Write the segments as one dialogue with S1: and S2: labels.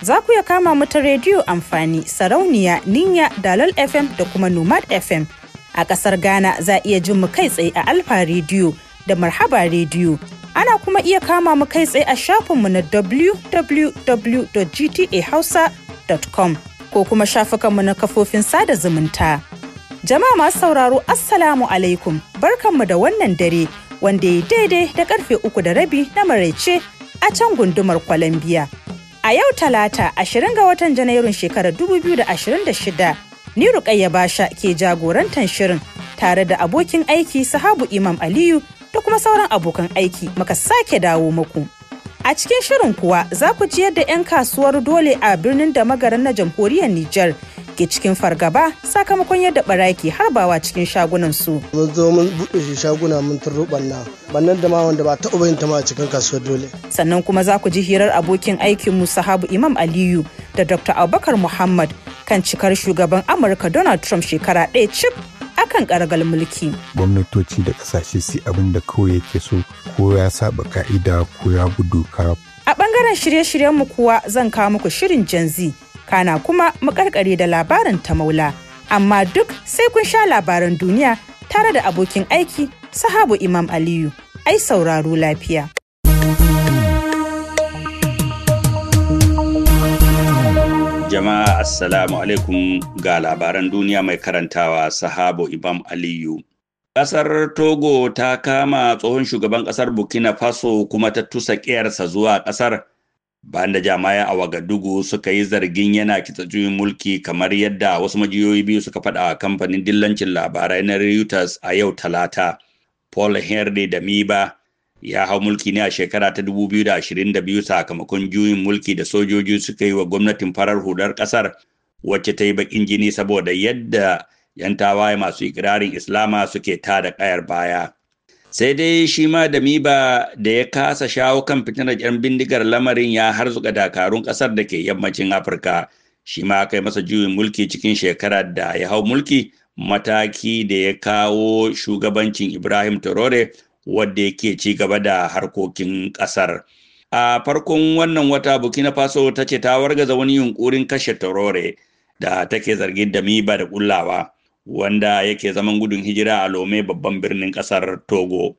S1: Za ku iya kama mu ta rediyo amfani sarauniya ninya dalol FM da kuma nomad FM. A ƙasar Ghana za iya jin mu kai tsaye a Alfa rediyo da Marhaba rediyo. Ana kuma iya kama mu kai tsaye a shafinmu na www.gtahausa.com ko kuma shafukanmu na kafofin sada zumunta. Jama'a masu sauraro Assalamu alaikum barkanmu da wannan dare wanda ya daidai da karfe uku da rabi na maraice a can gundumar kwalambiya. A yau talata 20 ga watan Janairun shekarar 2026 ni Rukayya Basha ke jagorantar shirin tare da abokin aiki Sahabu Imam Aliyu da kuma sauran abokan aiki muka sake dawo muku. A cikin shirin kuwa za ku ci yadda 'yan kasuwar dole a birnin da magarin na jamhuriyar Nijar ke cikin fargaba sakamakon yadda barayi ke harbawa cikin shagunan su. Mun
S2: zo mun buɗe shi shaguna mun turo banna, bannan da ma wanda ba taɓa yin tama cikin kasuwar dole.
S1: Sannan kuma za ku ji hirar abokin aikin mu Sahabu Imam Aliyu da Dr. Abubakar Muhammad kan cikar shugaban Amurka Donald Trump shekara ɗaya cif akan karagal mulki.
S3: Gwamnatoci da ƙasashe su abin da kawai yake so ko ya saba ka'ida ko ya gudu. ka.
S1: A ɓangaren shirye shiryen mu kuwa zan kawo muku shirin Gen Z kana kuma mu karkare da labarin ta maula amma duk sai kun sha labaran duniya tare da abokin aiki sahabu imam aliyu ai sauraro lafiya
S4: jama'a assalamu alaikum ga labaran duniya mai karantawa sahabu imam aliyu Ƙasar Togo ta kama tsohon shugaban ƙasar Burkina Faso kuma ta tusa ƙiyarsa zuwa ƙasar bayan da jami'an a wagadugu suka yi zargin yana kitsa juyin mulki kamar yadda wasu majiyoyi biyu suka faɗa a kamfanin dillancin labarai na reuters a yau talata paul henry da miba ya hau mulki ne a shekara ta 2022 sakamakon juyin mulki da sojoji suka yi wa gwamnatin farar hular ƙasar wacce ta yi baƙin jini saboda yadda 'yan tawaye masu ikirarin islama suke tada kayar baya sai dai shi ma da miba da ya kasa shawo kan fitinar yan bindigar lamarin ya harzuka dakarun kasar da ke yammacin afirka shi ma aka yi masa juyin mulki cikin shekara da ya hau mulki mataki da ya kawo shugabancin ibrahim Torore wadda yake ci gaba da harkokin kasar a farkon wannan wata burkina faso ta ce ta wargaza wani yunkurin kashe Torore da take zargin da miba da kullawa wanda yake zaman gudun hijira a Lome babban birnin kasar Togo.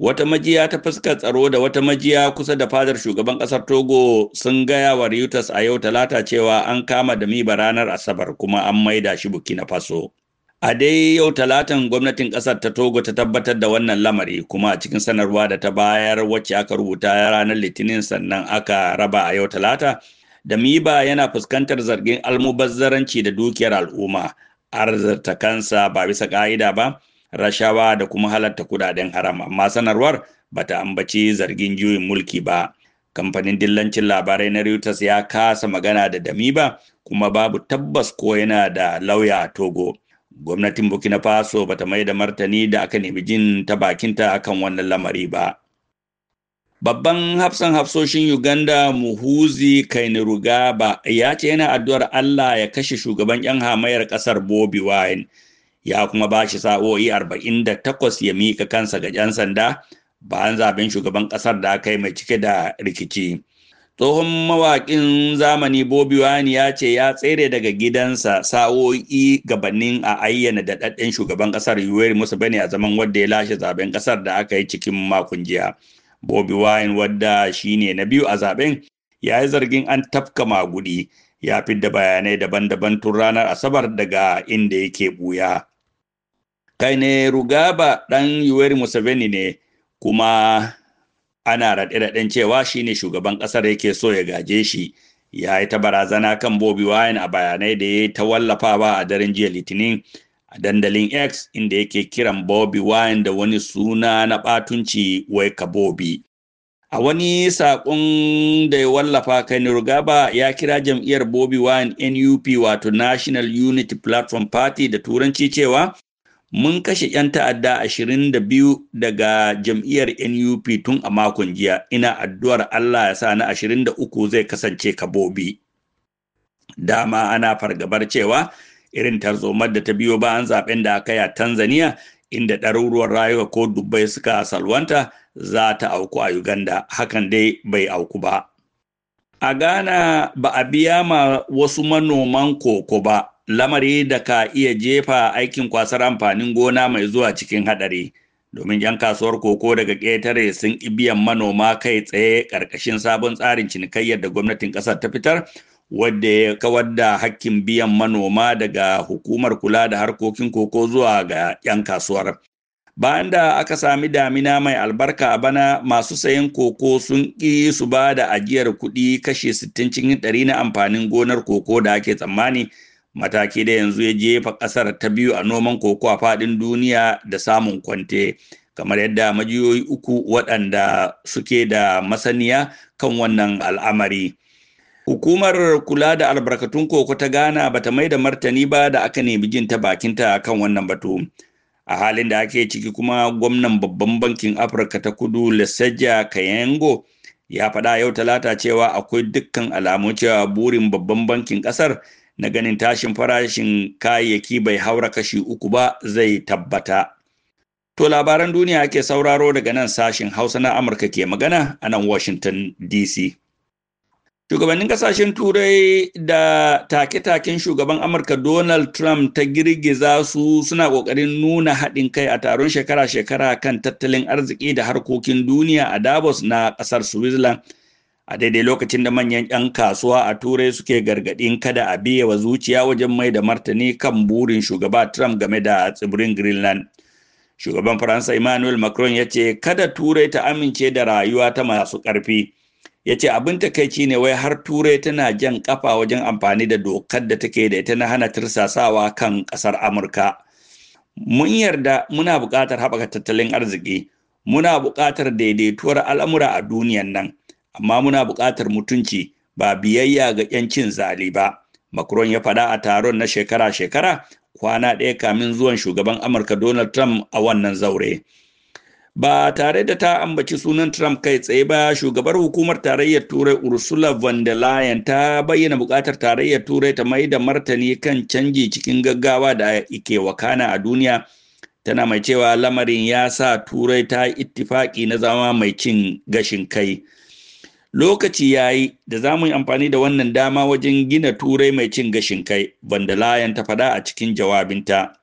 S4: Wata majiya ta fuskar tsaro da wata majiya kusa da fadar shugaban kasar Togo sun gaya wa Reuters a yau talata cewa an kama da miba ranar Asabar kuma an maida shi Burkina Faso. A dai yau talatan gwamnatin kasar ta Togo ta tabbatar da wannan lamari kuma a cikin sanarwa da ta bayar wacce aka rubuta ranar Litinin sannan aka raba a yau talata da miba yana fuskantar zargin almubazzaranci da dukiyar al'umma. arzarta kansa ba bisa ƙa'ida ba rashawa da kuma halatta kudaden haram amma sanarwar bata ambaci zargin juyin mulki ba kamfanin dillancin labarai na Reuters ya kasa magana da dami ba kuma babu tabbas ko yana da lauya a Togo. Gwamnatin Burkina Faso bata mai da martani da aka nemi jin ta bakinta akan wannan lamari ba. Babban hafsan hafsoshin Uganda Muhuzi Kainirugaba ya ce yana addu'ar Allah ya kashe shugaban 'yan hamayar ƙasar Bobi Wine, ya kuma ba shi sa'o'i takwas ya mika kansa ga 'yan sanda bayan zaben shugaban ƙasar da aka yi mai cike da rikici. Tsohon mawaƙin zamani Bobi Wine ya ce ya tsere daga gidansa sa'o'i gabanin a ayyana daɗaɗɗen shugaban ƙasar Yoweri Museveni a zaman wanda ya lashe zaben ƙasar da aka yi cikin makon jiya. Bobi Wine wadda shine na biyu a zaben ya yi zargin an tafka magudi ya fi da bayanai daban-daban tun ranar Asabar daga inda yake buya. Kaine Rugaba ɗan Yoweri Museveni ne kuma ana raɗe-raɗen cewa shine shugaban ƙasar yake so ya gaje shi. Ya yi ta barazana kan Bobi Wine a bayanai da ya yi ta wallafawa a daren jiya Litinin dandalin X inda yake kiran Bobi Wine da wani suna na batunci wai ka Bobby. A wani saƙon da ya wallafa kai Rugaba ya kira jam'iyyar Bobi Wine NUP wato National Unity Platform Party da Turanci cewa mun kashe 'yan ta'adda 22 daga jam'iyyar NUP tun a makon jiya ina addu'ar Allah ya sa na 23 zai kasance ka kabobi. Dama ana fargabar cewa irin tarzomar da ta biyo bayan zaben da aka yi a tanzania inda ɗaruruwar rayuwa ko dubbai suka salwanta za ta auku a uganda hakan dai bai auku ba a ghana ba a biya ma wasu manoman koko ba lamari da ka iya jefa aikin kwasar amfanin gona mai zuwa cikin haɗari domin 'yan kasuwar koko daga ƙetare sun ibiyan manoma kai tsaye ƙarƙashin sabon tsarin cinikayyar da gwamnatin ƙasar ta fitar wadda ya kawar da hakkin biyan manoma daga hukumar kula da harkokin koko zuwa ga 'yan kasuwar. Bayan da aka sami damina mai albarka a bana masu sayan koko sun ƙi su ba da ajiyar kuɗi kashe 60 cikin ɗari na amfanin gonar koko da ake tsammani mataki da yanzu ya jefa ƙasar ta biyu a noman koko a faɗin duniya da samun kwante. kamar yadda majiyoyi uku waɗanda suke da masaniya kan wannan al'amari Hukumar kula da albarkatun koko ta Ghana bata mai da martani ba da aka nemi jin ta bakinta kan wannan batu. A halin da ake ciki kuma gwamnan babban bankin Afirka ta kudu Leseja Kayango ya faɗa yau talata cewa akwai dukkan alamu cewa burin babban bankin ƙasar na ganin tashin farashin kayayyaki bai haura kashi uku ba zai tabbata. To labaran duniya ake sauraro daga nan sashin Hausa na Amurka ke magana a nan Washington DC. Shugabannin kasashen Turai da take-taken shugaban Amurka Donald Trump ta girgiza su suna ƙoƙarin nuna haɗin kai a taron shekara-shekara kan tattalin arziki da harkokin duniya a Davos na ƙasar Switzerland. A daidai lokacin da manyan 'yan kasuwa a Turai suke gargaɗin kada a biye wa zuciya wajen mai da martani kan burin shugaba Trump game da tsibirin Greenland. Shugaban Faransa Emmanuel Macron ya ce kada Turai ta amince da rayuwa ta masu ƙarfi. ya ce abin takaici ne wai har turai tana jan kafa wajen amfani da dokar da take da ita na hana tirsasawa kan kasar amurka mun yarda muna buƙatar haɓaka tattalin arziki muna buƙatar daidaituwar al'amura a duniyan nan amma muna buƙatar mutunci ba biyayya ga 'yancin zali ba macron ya faɗa a taron na shekara-shekara kwana ɗaya kamin zuwan shugaban amurka donald trump a wannan zaure ba tare da ta ambaci sunan Trump kai tsaye ba shugabar hukumar tarayyar turai Ursula von der Leyen ta bayyana bukatar tarayyar turai ta mai da martani kan canji cikin gaggawa da ke wakana a duniya tana mai cewa lamarin ya sa turai ta ittifaki na zama mai cin gashin kai lokaci ya yi da za mu yi amfani da wannan dama wajen gina turai mai cin gashin kai von der Leyen ta faɗa a cikin jawabinta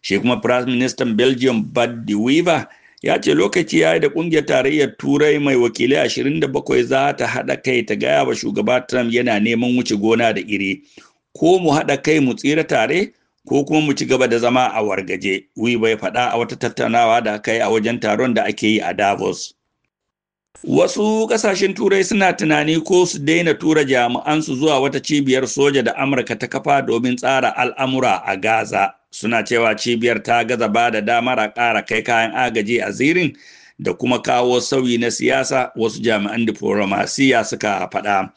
S4: shi kuma prime minister belgium bad de Weaver ya ce lokaci ya yi da kungiyar tarayyar turai mai wakilai 27 za ta haɗa kai ta gaya wa shugaba trump yana neman wuce gona da iri ko mu haɗa kai mu tsira tare ko kuma mu ci gaba da zama a wargaje wiba ya faɗa a wata tattaunawa da kai a wajen taron da ake yi a davos wasu ƙasashen turai suna tunani ko su daina tura jami'ansu zuwa wata cibiyar soja da amurka ta kafa domin tsara al'amura a gaza suna cewa cibiyar ta gaza ba da damar a ƙara kai kayan agaji a zirin da kuma kawo sauyi na siyasa wasu jami'an diflomasiya suka faɗa.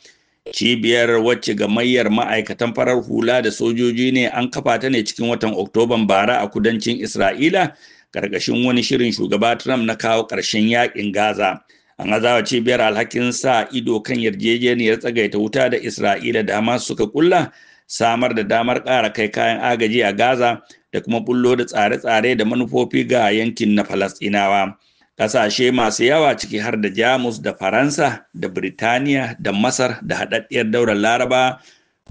S4: Cibiyar wacce gamayyar ma'aikatan farar hula da sojoji ne an kafa ta ne cikin watan Oktoban bara a kudancin Isra'ila ƙarƙashin wani shirin shugaba Trump na kawo ƙarshen yakin Gaza. An azawa cibiyar alhakin sa ido kan yarjejeniyar tsagaita wuta da Isra'ila da Hamas suka kulla samar da damar ƙara kai kayan agaji a Gaza da kuma bullo da tsare-tsare da manufofi ga yankin na Falasɗinawa. Ƙasashe masu yawa ciki har da Jamus da Faransa da Birtaniya da Masar da haɗaɗɗiyar daular Laraba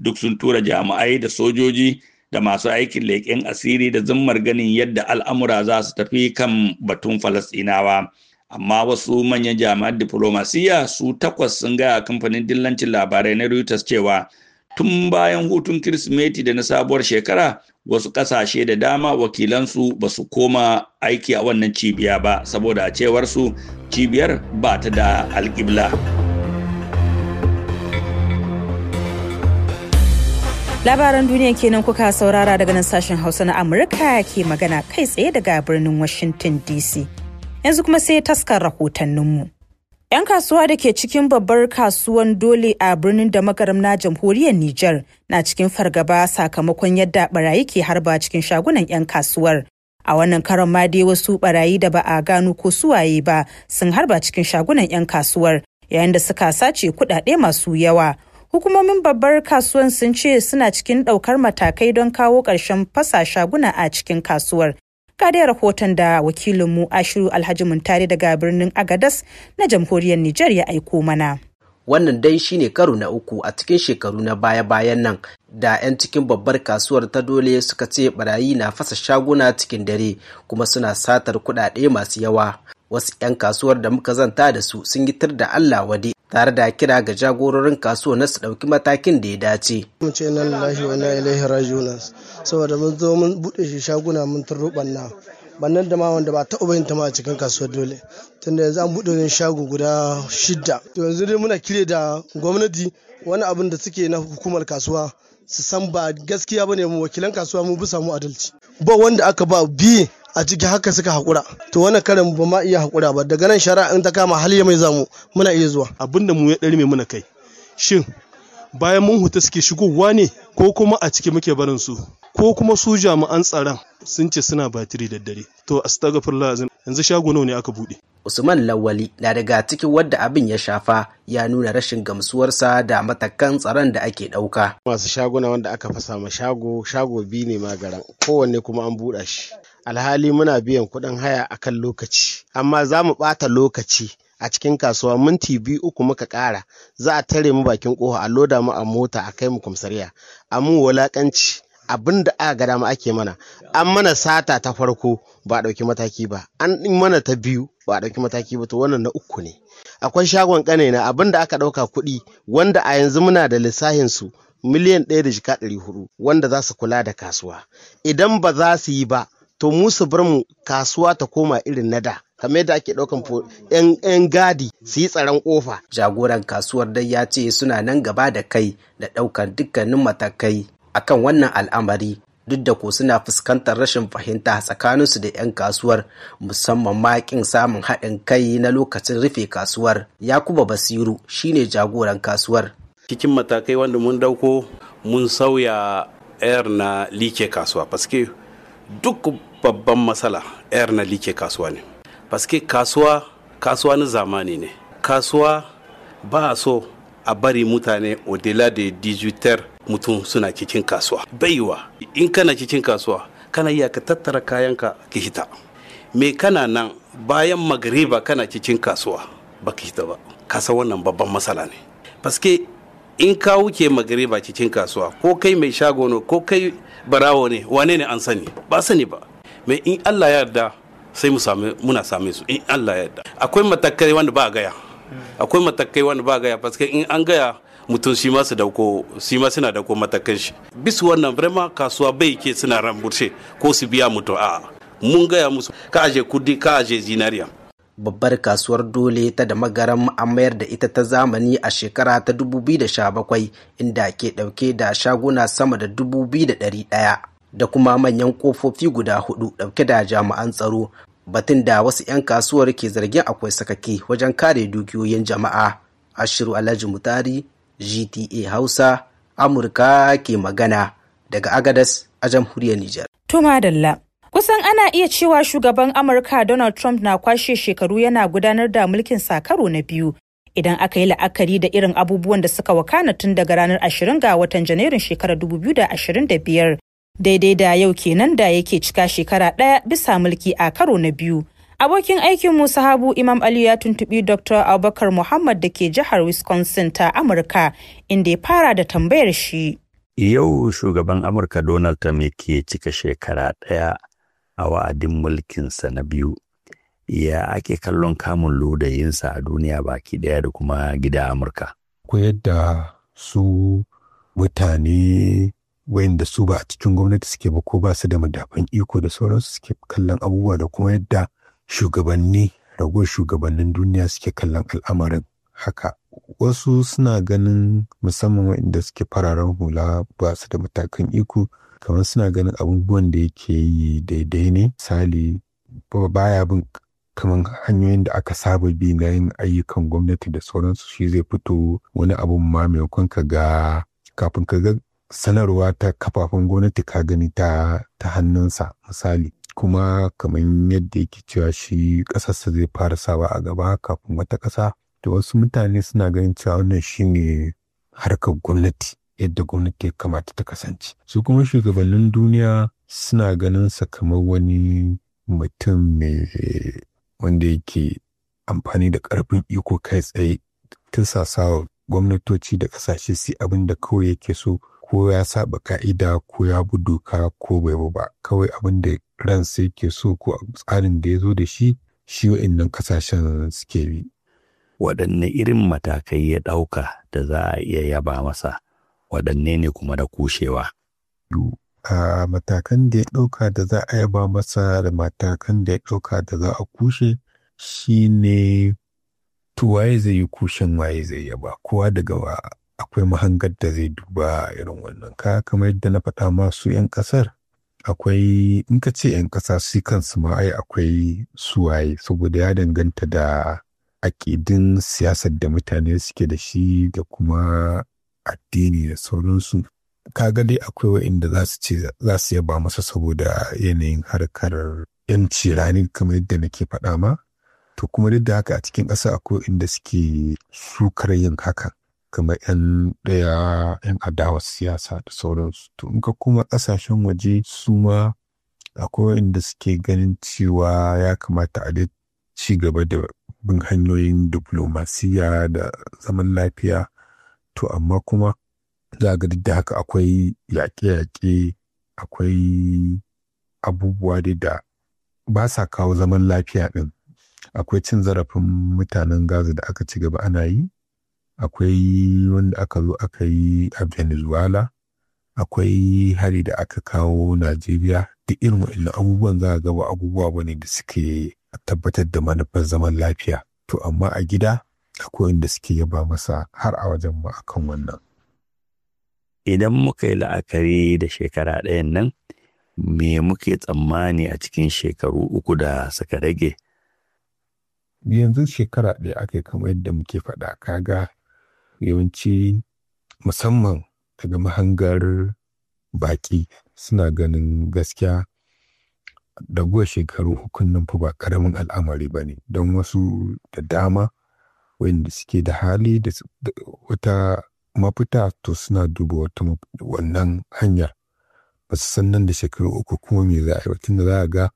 S4: duk sun tura jami'ai da sojoji da masu aikin leƙen asiri da zummar ganin yadda al'amura za su tafi kan batun Falasɗinawa. amma wasu manyan jami'an diplomasiya su takwas sun gaya kamfanin dillancin labarai na Reuters cewa tun bayan hutun kirsimeti da na sabuwar shekara wasu ƙasashe da dama wakilansu ba su koma aiki a wannan cibiya ba saboda a su cibiyar ba ta da alƙibla.
S1: labaran duniya kenan kuka saurara daga nan sashen hausa na amurka ke magana kai tsaye daga birnin washington dc yanzu kuma sai taskar rahotanninmu. 'Yan kasuwa da ke cikin babbar kasuwan dole a birnin da makaram na jamhuriyar Nijar na cikin fargaba sakamakon yadda barayi ke harba cikin shagunan 'yan kasuwar. A wannan karon ma dai wasu barayi da ba a gano ko suwaye ba sun harba cikin shagunan 'yan kasuwar yayin da suka sace kudade masu yawa. Hukumomin babbar kasuwan sun ce suna cikin ɗaukar matakai don kawo ƙarshen fasa shaguna a cikin kasuwar ga dai rahoton da wakilinmu ashiru alhaji muntari daga birnin agadas na jamhuriyar nijar ya aiko mana
S2: wannan dai shine karo na uku a cikin shekaru na baya-bayan nan da 'yan cikin babbar kasuwar ta dole suka ce barayi na fasa shaguna cikin dare kuma suna satar kudade masu yawa wasu 'yan kasuwar da muka zanta da su sun yi tar da allah wade tare da kira ga jagororin kasuwa na su ɗauki matakin da ya dace. Mun ce nan lahi wa ilaihi rajunas saboda mun zo mun buɗe shi shaguna mun turruɓan na bannan da ma wanda ba ta ubayin ta ma a cikin kasuwar dole tunda yanzu an buɗe wani shago guda shida to yanzu dai muna kire da gwamnati wani abin da suke na hukumar kasuwa su san ba gaskiya ba ne mu wakilan kasuwa mu bisa mu adalci ba wanda aka ba biye a ciki haka suka haƙura to wannan karin ba ma iya haƙura ba daga nan shari'a in ta kama hal ya mai zamu muna iya zuwa Abinda mu ya ɗari mai muna kai
S5: shin bayan mun huta suke shigowa ne ko kuma a ciki muke barin su ko kuma su jami'an tsaron sun ce suna batiri da dare to astaghfirullah azim yanzu shago nawa ne aka bude
S2: Usman Lawali na daga cikin wadda abin ya shafa ya nuna rashin gamsuwarsa da matakan tsaron da ake ɗauka. Masu shaguna wanda aka fasa ma shago, shago biyu ne magaran, kowanne kuma an buɗa shi. alhali muna biyan kuɗin haya a kan lokaci amma za mu ɓata lokaci a cikin kasuwa minti biyu uku muka ƙara za a tare mu bakin ƙofa a loda mu a mota a kai mu kumsariya a mu wulaƙanci abin da aka ga dama ake mana an mana sata ta farko ba a ɗauki mataki ba an ɗin mana ta biyu ba a ɗauki mataki ba to wannan na uku ne akwai shagon ƙane na abin da aka ɗauka kuɗi wanda a yanzu muna da lissahin su miliyan ɗaya da jika ɗari hudu wanda za su kula da kasuwa idan ba za su yi ba to mu su bar mu kasuwa ta koma irin na da kamar yadda ake ɗaukan yan gadi su yi tsaron kofa. Jagoran kasuwar dai ya ce suna nan gaba da kai da ɗaukar dukkanin matakai akan wannan al'amari duk da ko suna fuskantar rashin fahimta tsakaninsu da 'yan kasuwar musamman ma kin samun haɗin kai na lokacin rufe kasuwar yakuba basiru shine jagoran
S5: kasuwar cikin matakai wanda mun dauko mun sauya air na like kasuwa paske duk babban matsala yar na like kasuwa ne paske kasuwa kasuwa na zamani ne kasuwa ba so a bari mutane odela da digiter mutum suna cikin kasuwa baiwa in kana cikin kasuwa kana iya ka tattara kayanka ka hita me kana nan bayan magariba kana cikin kasuwa ba ki hita ba kasa wannan babban matsala ne paske in ka wuce magariba cikin kasuwa ko kai mai shagono ko kai barawo ne wane ne an sani ba sani ba mai in allah ya yarda sai mu same muna same su in allah ya yarda akwai matakai wanda ba gaya akwai matakai wanda ba gaya paske in an gaya mutum shi ma su dauko shi ma suna dauko matakan shi bisu wannan vrema kasuwa bai ke suna ramburshe ko su biya mutum a mun gaya musu ka aje kudi ka aje zinariya
S2: babbar kasuwar dole ta da magaram an mayar da ita ta zamani a shekara ta 2017 inda ke ɗauke da shaguna sama da 2,100 da kuma manyan ƙofofi guda hudu ɗauke da jami'an tsaro batun da wasu 'yan kasuwar ke zargin akwai sakake wajen kare dukiyoyin jama'a ashiru alhaji mutari gta hausa amurka ke magana daga agadas a jamhuriyar nijar. Tuma
S1: Kusan ana iya cewa shugaban Amurka Donald Trump na kwashe shekaru yana gudanar da mulkin sakaro na biyu idan aka yi la'akari da irin abubuwan da suka wakana tun daga ranar ashirin ga watan Janairun shekarar biyar, daidai da yau kenan da yake cika shekara ɗaya bisa mulki a karo na biyu. Abokin aikin mu sahabu Imam Ali ya tuntubi Dr. Abubakar Muhammad da ke jihar Wisconsin ta Amurka inda ya fara da tambayar shi.
S4: Yau shugaban Amurka Donald Trump ke cika shekara ɗaya a wa'adin mulkinsa na biyu ya ake kallon kamun lodayinsa a duniya baki ɗaya da kuma gida amurka ko
S3: yadda su mutane wayanda su ba a cikin gwamnati suke ba ko ba su da madafan iko da sauransu suke kallon abubuwa da kuma yadda shugabanni ragowar shugabannin duniya suke kallon al'amarin haka wasu suna ganin musamman waɗanda suke fararen hula ba su da matakan iko kamar suna ganin abubuwan da yake yi daidai ne misali baya bin kamar hanyoyin da aka saba bi na yin ayyukan gwamnati da sauransu shi zai fito wani abun ma maimakon ka ga kafin ka ga sanarwa ta kafafen gwamnati ka gani ta ta hannunsa misali kuma kamar yadda yake cewa shi ƙasarsa zai fara sawa a gaba kafin wata ƙasa to wasu mutane suna ganin cewa wannan shine harkar gwamnati yadda gwamnati ya kamata ta kasance su kuma shugabannin duniya suna ganin sa kamar wani mutum mai wanda yake amfani da ƙarfin iko kai tsaye tursasawa gwamnatoci da ƙasashe su abin da kawai yake so ko ya saba ka'ida ko ya bi doka ko bai bu ba kawai abin da ransa yake so ko tsarin da ya zo da shi shi
S4: wa'innan ƙasashen suke bi. Waɗanne irin matakai ya ɗauka da za a iya yaba masa waɗanne ne kuma da kushewa. A
S3: matakan da ya ɗauka da za a yaba masa da matakan da ya ɗauka da za a kushe shi ne tuwaye waye zai yi kushin waye zai yaba kowa daga wa akwai mahangar da zai duba irin wannan ka kamar yadda na faɗa masu 'yan ƙasar akwai in ka ce 'yan ƙasa su kansu ma ai akwai suwaye saboda ya danganta da aƙidin siyasar da mutane suke da shi da kuma addini da sauransu kaga dai akwai wa'inda za su ce za su yaba masa saboda yanayin harkar yanci rani kamar yadda nake faɗa ma to kuma duk da haka a cikin ƙasa akwai inda suke sukar yin haka kamar yan ɗaya yan adawa siyasa da sauransu to in ka kuma ƙasashen waje su ma akwai inda suke ganin cewa ya kamata a ci gaba da bin hanyoyin diplomasiya da zaman lafiya to amma kuma za ga duk da haka akwai yaƙe-yaƙe akwai abubuwa dai da ba sa kawo zaman lafiya ɗin akwai cin zarafin mutanen gaza da aka ci gaba ana yi akwai wanda aka zo aka yi a venezuela akwai hari da aka kawo najeriya Da irin waɗannan abubuwan za a gaba abubuwa ba da suke tabbatar da manufar zaman lafiya to amma a gida akwai wanda suke yaba masa har a wajen mu akan wannan
S4: idan muka yi la'akari da shekara ɗayan nan me muke tsammani a cikin shekaru uku da suka rage
S3: yanzu shekara ɗaya aka yi kamar yadda muke faɗa kaga yawanci musamman daga mahangar baƙi suna ganin gaskiya daguwa shekaru hukun nan fa ba ƙaramin al'amari ba ne don wasu da dama wayanda suke da hali da wata mafita to suna duba wata wannan hanyar ba su san nan da shekaru uku kuma mai za a yi watan da za a ga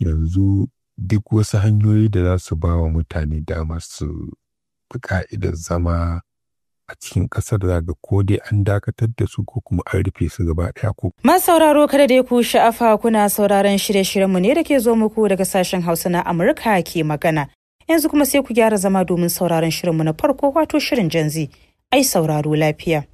S3: yanzu duk wasu hanyoyi da za su ba wa mutane dama su fi ka'idar zama a cikin ƙasar da ga ko dai an dakatar da su ko kuma an rufe su gaba daya ko.
S1: sauraro kada dai ku sha'afa kuna sauraron shirye-shiryenmu ne da ke zo muku daga sashen Hausa na Amurka ke magana Yanzu kuma sai ku gyara zama domin sauraron shirinmu na farko wato shirin janzi. Ai sauraro lafiya.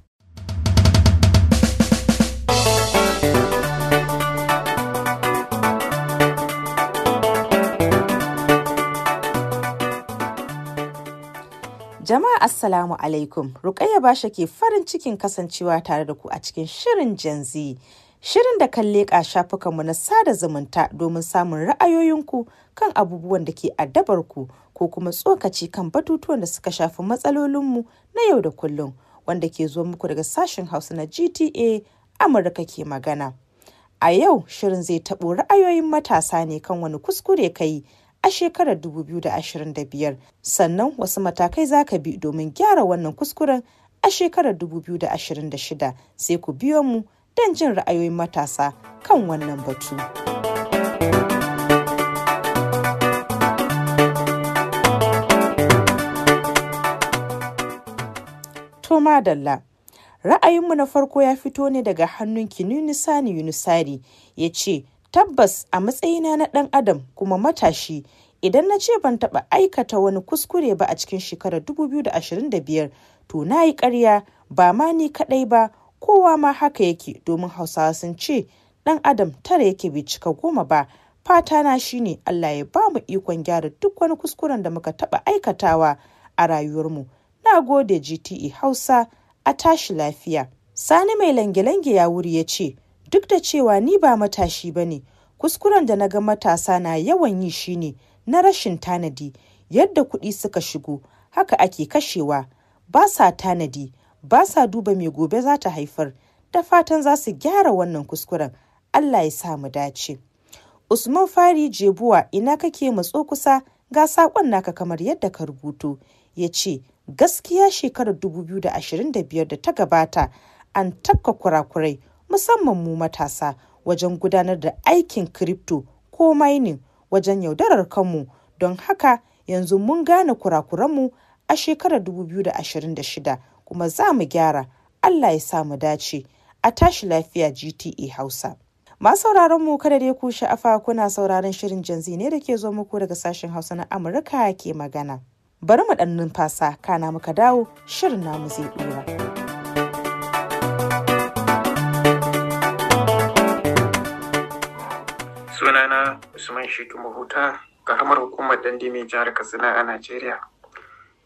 S1: Jama'a Assalamu alaikum, Rukayya Basha ke farin cikin kasancewa tare da ku a cikin shirin Gen Shirin da kan leƙa shafukanmu na sada zumunta domin samun ra'ayoyinku kan abubuwan da ke addabar ku ko kuma tsokaci kan batutuwan da suka shafi matsalolinmu na yau da kullum wanda ke zo muku daga sashen hausa na GTA Amurka ke magana. A yau shirin zai taɓo ra'ayoyin matasa ne kan wani kuskure ka yi a shekarar 2025 sannan wasu matakai za ka bi domin gyara wannan kuskuren a shekarar 2026 sai ku biyo mu don jin ra'ayoyin matasa kan wannan batu. To madalla. Ra'ayinmu na farko ya fito ne daga hannun Sani Yunusari ya ce, Tabbas a matsayina na ɗan Adam kuma matashi, idan na ce ban taɓa aikata wani kuskure ba a cikin shekarar 2025, to na yi ƙarya ba ma ni kaɗai ba, kowa ma haka yake domin Hausawa sun ce, ɗan Adam tara yake bai cika goma ba, fata na shine Allah ya ba mu ikon gyara duk wani kuskuren da muka taɓa aikatawa a rayuwarmu. Na gode gte Hausa a tashi lafiya. Sani mai lange-lange ya wuri ya ce, Duk da cewa ni ba matashi ba ne, kuskuren da na ga matasa na yawan yi shi ne na rashin tanadi, yadda kuɗi suka shigo, haka ake kashewa, ba sa tanadi, ba sa duba mai gobe za ta haifar, da fatan za su gyara wannan kuskuren, Allah ya sa mu dace. Usman Fari Jebuwa ina kake matso kusa ga saƙon naka kamar yadda ka rubuto, ya ce, gaskiya shekarar 2025 da ta gabata an tafka kurakurai musamman mu matasa wajen gudanar da aikin kripto ko mining wajen yaudarar kanmu don haka yanzu mun gane kurakuranmu a shekarar 2026 kuma za mu gyara Allah ya sa mu dace a tashi lafiya GTE Hausa. Masu sauraron mu kada dai ku sha'afa kuna sauraron shirin janzi ne da ke zo muku daga sashen Hausa na Amurka ke magana. bari mu ɗan numfasa kana muka dawo shirin namu zai ɗora.
S6: sunana usman shitu mahuta karamar hukumar mai jihar katsina a najeriya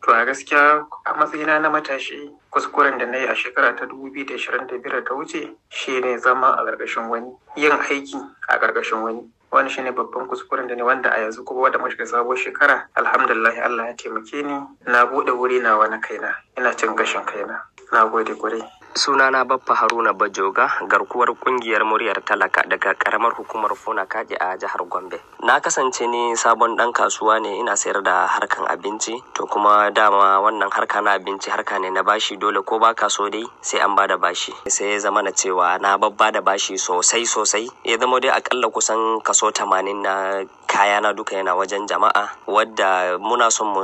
S6: to a gaskiya a matsayina na matashi kuskuren da na yi a shekara ta 2025 ta wuce shine zama a ƙarƙashin wani yin aiki a ƙarƙashin wani wani shine babban kuskuren da ne wanda a yanzu kuma wadda mashiga sabuwar shekara alhamdulillah Allah ya taimake ni na bude wuri na wani kaina ina cin gashin kaina
S7: na gode gure sunana baffa haruna bajoga garkuwar kungiyar muryar talaka daga karamar hukumar funa kaji a jihar gombe na kasance ni sabon dan kasuwa ne ina sayar da harkan abinci to kuma dama wannan harka na abinci harka ne na bashi dole ko baka so dai sai an bada bashi sai ya zama na cewa na babba da bashi sosai sosai ya zama dai akalla kusan kaso tamanin na kaya na duka yana wajen jama'a wadda muna son mu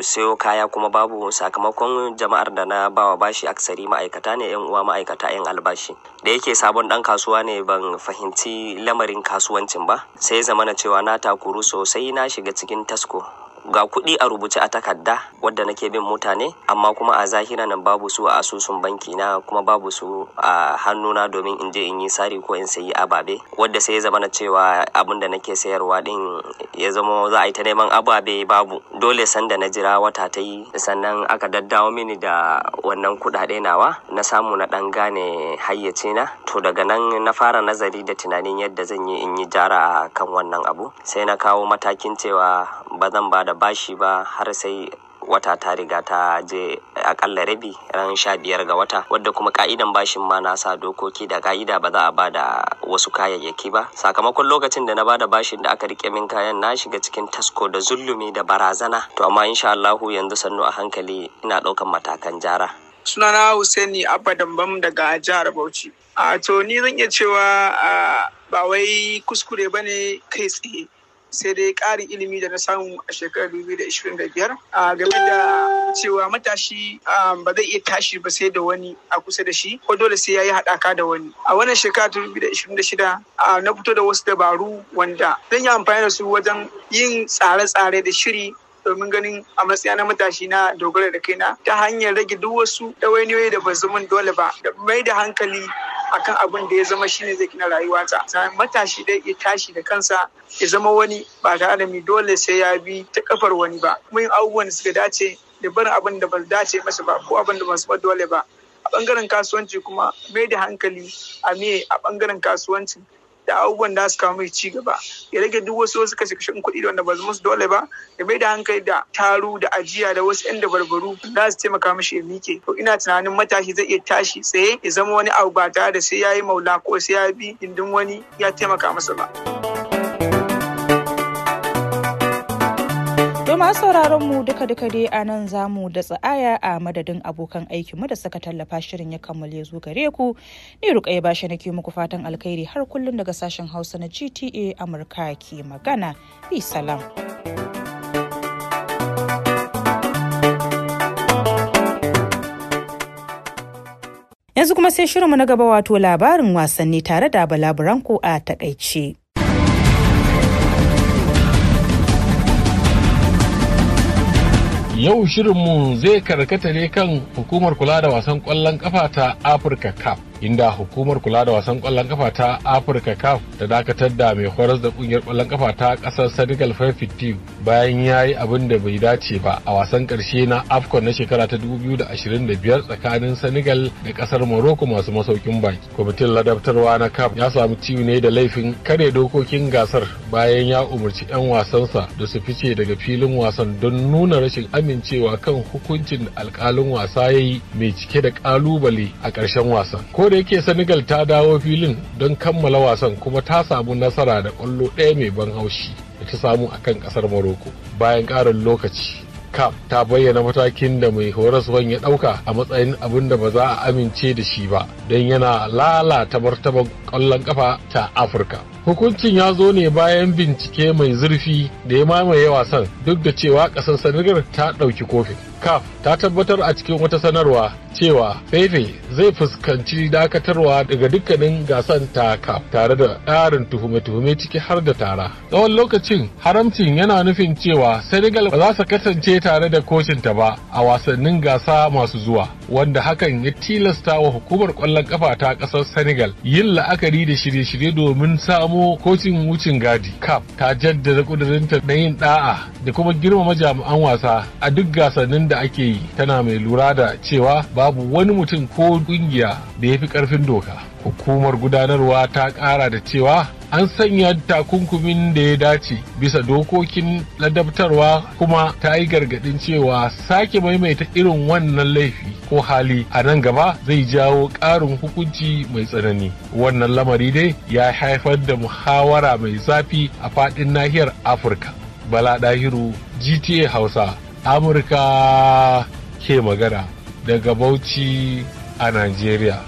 S7: sayo kaya kuma babu sakamakon jama'ar da na bawa bashi aksari ma'aikata ne 'yan uwa ma'aikata 'yan albashi da yake sabon dan kasuwa ne ban fahimci lamarin kasuwancin ba sai zamana cewa na takuru sosai na shiga cikin tasko ga kuɗi a rubuce a takarda wadda nake bin mutane amma kuma a zahira nan babu su a asusun banki na kuma babu su a hannuna domin in je in yi sari ko in sayi ababe wadda sai ya zama na cewa abin da nake sayarwa din ya zama za a yi ta neman ababe babu dole sanda na jira wata ta yi sannan aka daddawo mini da wannan kuɗaɗe nawa na samu na ɗan gane hayyace na to daga nan na fara nazari da tunanin yadda zan yi in yi jara kan wannan abu sai na kawo matakin cewa ba zan ba da bashi ba har sai wata ta riga ta je akalla rabi ran sha biyar ga wata wadda kuma ka'idan bashin ma na sa dokoki da ka'ida ba za a da wasu kayayyaki ba sakamakon lokacin da na bada bashin da aka rike min kayan na shiga cikin tasko da zulumi da barazana to amma insha Allahu yanzu sannu a hankali ina ɗaukan matakan jara
S6: sunana Hussaini Abba Dambam daga jihar Bauchi. A to ni zan iya cewa ba wai kuskure bane kai tsaye sai dai ƙarin ilimi da na samu a shekarar 2025 a game da cewa matashi um, ba zai iya tashi ba sai da wani a kusa da shi ko dole sai ya yi haɗaka da wani a wannan shekara 2026 na fito da wasu dabaru wanda zan yi amfani da su wajen yin tsare-tsare da shiri domin ganin a matsaya na matashi na dogara da kaina ta hanyar rage duk wasu ɗawainiyoyi da ba zama dole ba da mai da hankali akan abin da ya zama shine zai gina rayuwata matashi dai ya tashi da kansa ya zama wani ba da alami dole sai ya bi ta kafar wani ba kuma yin abubuwan da suka dace da barin abin da ba dace masa ba ko abin da ba su dole ba a bangaren kasuwanci kuma mai da hankali a me a bangaren kasuwanci. da abubuwan da su kawo mai ci gaba ya rage duk wasu wasu kashe kashen kuɗi da wanda ba musu dole ba ya mai da hankali da taru da ajiya da wasu yan dabarbaru za su taimaka mishi ya mike to ina tunanin matashi zai iya tashi tsaye ya zama wani abu ba tare da sai ya yi maula ko sai ya bi indin wani ya taimaka masa ba.
S1: To masu sauraron mu duka duka dai a nan za mu da tsa'aya a madadin abokan aikinmu da suka tallafa shirin ya kammale zo gare ku. Ni ya ba shi ke muku fatan alkhairi har kullum daga sashen Hausa na GTA Amurka ke magana. Bi salam. yanzu kuma sai shirinmu na gaba wato labarin wasanni tare da Bala Branko a takaice.
S8: Yau shirinmu zai karkata ne kan hukumar kula da wasan ƙwallon ƙafa ta Afirka Cup. inda hukumar kula da wasan kwallon kafa ta afirka caf ta dakatar da mai horas da kungiyar kwallon kafa ta kasar senegal fafitiv bayan ya yi abin da bai dace ba a wasan karshe na afcon na shekara ta 2025 tsakanin senegal da kasar morocco masu masaukin baki kwamitin ladabtarwa na caf ya samu ciwo ne da laifin kare dokokin gasar bayan ya umarci 'yan wasansa da su fice daga filin wasan don nuna rashin amincewa kan hukuncin da alkalin wasa ya yi mai cike da kalubale a ƙarshen wasan da yake senegal ta dawo filin don kammala wasan kuma ta samu nasara da kwallo ɗaya mai ban haushi da ta samu a kan ƙasar morocco bayan ƙarin lokaci cap ta bayyana matakin da mai horaswan ya ɗauka a matsayin abin da ba za a amince da shi ba don yana lalata martaban ƙwallon ƙafa ta afirka hukuncin ya zo ne bayan bincike mai zurfi da ya mamaye wasan duk da cewa ƙasar senegal ta ɗauki kofin caf ta tabbatar a cikin wata sanarwa cewa fefe zai fuskanci dakatarwa daga dukkanin gasan ta caf tare da ƙarin tuhume-tuhume ciki har da tara tsawon lokacin haramcin yana nufin cewa senegal ba za su kasance tare da kocinta ba a wasannin gasa masu zuwa wanda hakan ya tilasta wa hukumar kwallon kafa ta ƙasar senegal yin la'akari da shirye-shirye domin samo kocin wucin gadi caf ta jaddada kudurinta na yin da'a da kuma girmama jami'an wasa a duk gasannin da da ake yi tana mai lura da cewa babu wani mutum ko kungiya da ya fi karfin doka hukumar gudanarwa ta kara da cewa an sanya takunkumin da ya dace bisa dokokin ladabtarwa kuma ta yi gargadin cewa sake maimaita irin wannan laifi ko hali a nan gaba zai jawo ƙarin hukunci mai tsanani wannan lamari dai ya haifar da muhawara mai zafi a faɗin nahiyar afirka bala ɗahiru gta hausa amurka ke magana daga bauchi a nigeria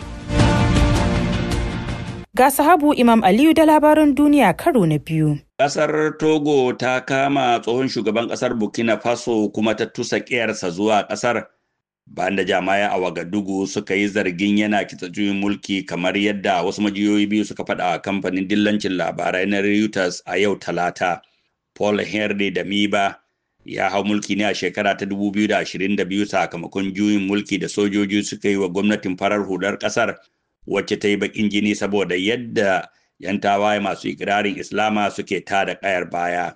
S1: ga sahabu imam aliyu da labaran duniya karo na biyu
S4: Ƙasar Togo ta kama tsohon shugaban ƙasar Burkina Faso kuma ta tusa kiyarsa zuwa ƙasar bayan da jam'aya a Wagadugu suka yi zargin yana kitsa juyin mulki kamar yadda wasu majiyoyi biyu suka faɗa a kamfanin dillancin labarai na Reuters a yau Talata. Paul Henry da Miba ya hau mulki ne a shekara ta 2022 sakamakon juyin mulki da sojoji suka yi wa gwamnatin farar hular kasar wacce ta yi bakin jini saboda yadda 'yan tawaye masu ikirarin islama suke ta da kayar baya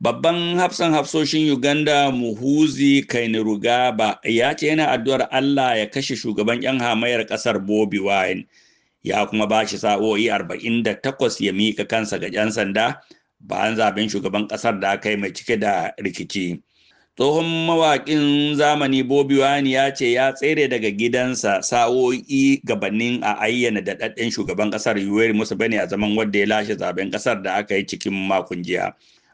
S4: babban hafsan hafsoshin uganda muhuzi kainirugaba ya ce yana addu'ar allah ya kashe shugaban 'yan hamayar kasar bobi wine ya kuma ba shi sa'o'i 48 ya mika kansa ga 'yan sanda bayan zaben shugaban ƙasar da aka yi mai cike da rikici. Tsohon mawaƙin zamani Bobi Wani ya ce ya tsere daga gidansa sa'o'i gabanin a ayyana da daɗaɗɗen shugaban ƙasar Yoweri Museveni a zaman wadda ya lashe zaben ƙasar da aka yi cikin makon jiya.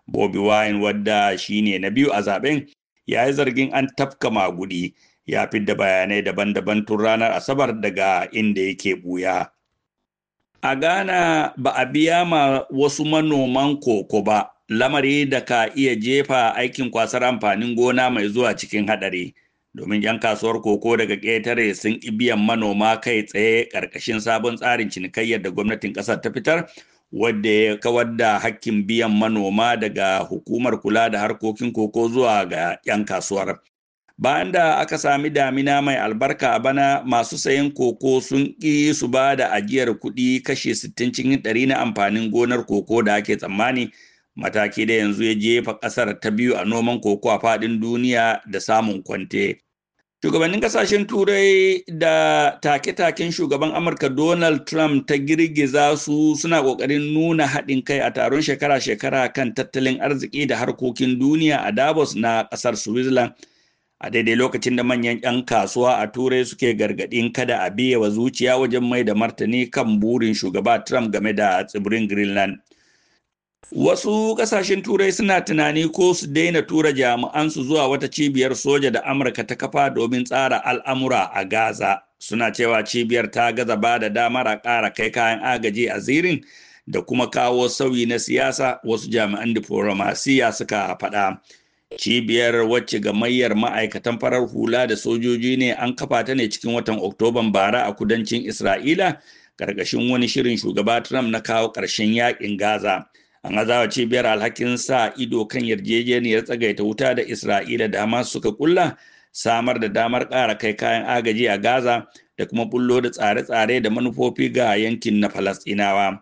S4: Bobi Wine wadda shine na biyu a zaben ya yi zargin an tafka magudi ya fidda bayanai daban-daban tun ranar Asabar daga inda yake buya. A Ghana ba a biya ma wasu manoman koko ba, lamari da ka iya jefa aikin kwasar amfanin gona mai zuwa cikin haɗari. Domin 'yan kasuwar koko daga ƙetare sun ki biyan manoma kai tsaye ƙarƙashin sabon tsarin cinikayyar da gwamnatin ƙasar ta fitar, wadda ya kawar da hakkin biyan manoma daga hukumar kula da harkokin koko zuwa ga 'yan kasuwar. bayan da aka sami damina mai albarka a bana masu sayan koko sun ƙi su ba da ajiyar kuɗi kashe 60 cikin ɗari na amfanin gonar koko da ake tsammani mataki da yanzu ya jefa ƙasar ta biyu a noman koko a faɗin duniya da samun kwante shugabannin kasashen turai da take-taken shugaban amurka donald trump ta girgiza su suna ƙoƙarin nuna haɗin kai a taron shekara-shekara kan tattalin arziki da harkokin duniya a davos na ƙasar switzerland a daidai lokacin da manyan 'yan kasuwa a turai suke gargadin kada a biya wa zuciya wajen mai da martani kan burin shugaba trump game da tsibirin greenland wasu ƙasashen turai suna tunani ko su daina tura jami'ansu zuwa wata cibiyar soja da amurka ta kafa domin tsara al'amura a gaza suna cewa cibiyar ta gaza ba da damar a ƙara kai kayan agaji a zirin da kuma kawo sauyi na siyasa wasu jami'an diflomasiya suka faɗa. Cibiyar wacce gamayyar ma'aikatan farar hula da sojoji ne an kafa ta ne cikin watan Oktoban bara a kudancin Isra'ila ƙarƙashin wani shirin shugaba Trump na kawo ƙarshen yaƙin Gaza. An azawa cibiyar alhakin sa ido kan yarjejeniyar tsagaita wuta da Isra'ila da Hamas suka kulla samar da damar ƙara kai kayan agaji a Gaza da kuma bullo da tsare-tsare da manufofi ga yankin na Falasɗinawa.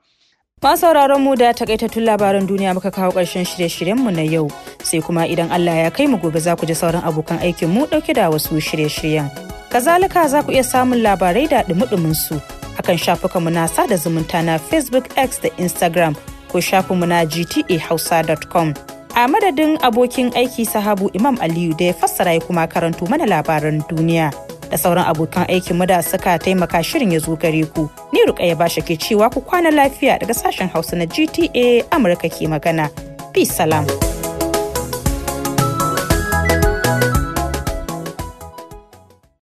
S1: Ma sauraron mu da takaitattun labaran duniya muka kawo ƙarshen shirye-shiryenmu na yau sai kuma idan Allah ya kai mu gobe za ku ji sauran abokan aikin mu ɗauke da wasu shirye-shiryen. Kazalika za ku iya samun labarai da ɗumi su akan shafukanmu na sada zumunta na Facebook X da Instagram ko shafinmu na gtahausa.com. A madadin abokin aiki sahabu Imam Aliyu da ya fassara ya kuma karanto mana labaran duniya. da sauran abokan aikin mu da suka taimaka shirin ya zo gare ku. Ni Rukaya Basha ke cewa ku kwana lafiya daga sashen Hausa na GTA Amurka ke magana. Peace salam.